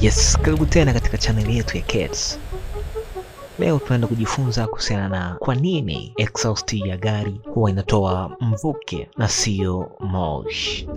Yes, karibu tena katika chaneli yetu ya Kets. Leo tunaenda kujifunza kuhusiana na kwa nini exhaust ya gari huwa inatoa mvuke na sio moshi.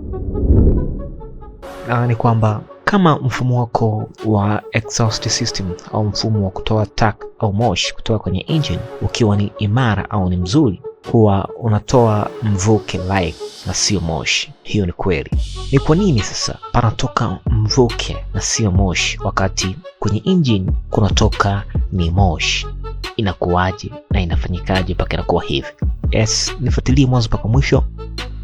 Na ni kwamba kama mfumo wako wa exhaust system au mfumo wa kutoa tak au moshi kutoka kwenye engine ukiwa ni imara au ni mzuri huwa unatoa mvuke like na sio moshi. Hiyo ni kweli. Ni kwa nini sasa panatoka mvuke na sio moshi, wakati kwenye engine kunatoka ni moshi. Inakuwaje na inafanyikaje mpaka inakuwa hivi? Yes, nifuatilie mwanzo mpaka mwisho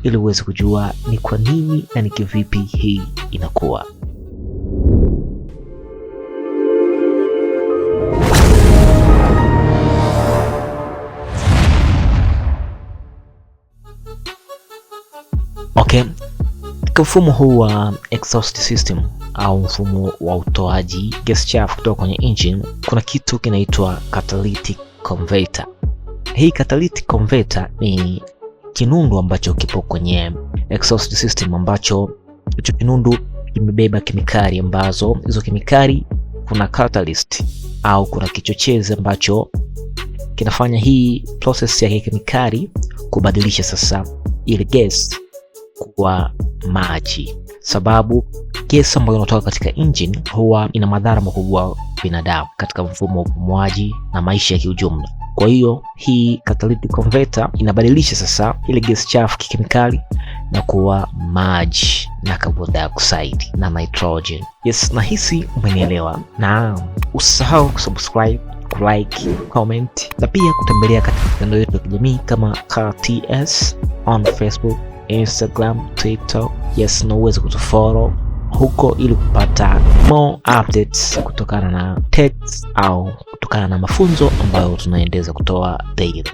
ili uweze kujua ni kwa nini na ni kivipi hii inakuwa. Okay. Katika mfumo huu wa exhaust system au mfumo wa utoaji gas chafu kutoka kwenye engine, kuna kitu kinaitwa catalytic converter. Hii catalytic converter ni kinundu ambacho kipo kwenye exhaust system, ambacho hicho kinundu kimebeba kemikali ambazo hizo kemikali kuna catalyst au kuna kichochezi ambacho kinafanya hii process ya kemikali kubadilisha sasa ile gas kuwa maji, sababu gesi ambayo inatoka katika engine huwa ina madhara makubwa binadamu katika mfumo wa upumuaji na maisha ya kiujumla. Kwa hiyo hii catalytic converter inabadilisha sasa ile gesi chafu kikemikali na kuwa maji na carbon dioxide na nitrogen. Yes, nahisi umenielewa, na usisahau kusubscribe, kulike, comment na pia kutembelea katika mitandao yetu ya kijamii kama KTS on Facebook Instagram, Twitter. Yes, na uweze kutufollow huko ili kupata more updates kutokana na text au kutokana na mafunzo ambayo tunaendeza kutoa daily.